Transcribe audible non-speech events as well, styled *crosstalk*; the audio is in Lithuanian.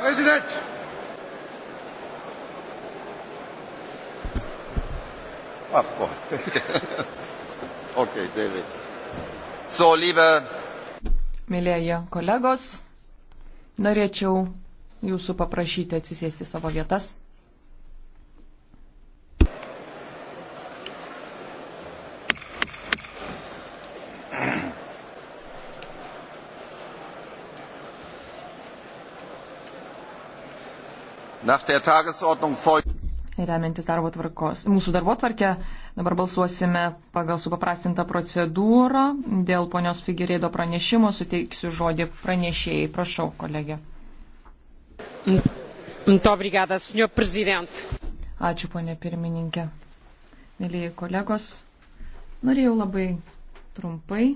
Präsident! Ach *laughs* Gott. okay, David. So, liebe. Mėlėji kolegos, norėčiau jūsų paprašyti atsisėsti savo vietas. Remiantis darbo tvarkos. Mūsų darbo tvarkė dabar balsuosime pagal supaprastintą procedūrą. Dėl ponios Figirėdo pranešimo suteiksiu žodį pranešėjai. Prašau, kolegė. Ačiū, ponė pirmininkė. Mėlyje kolegos, norėjau labai trumpai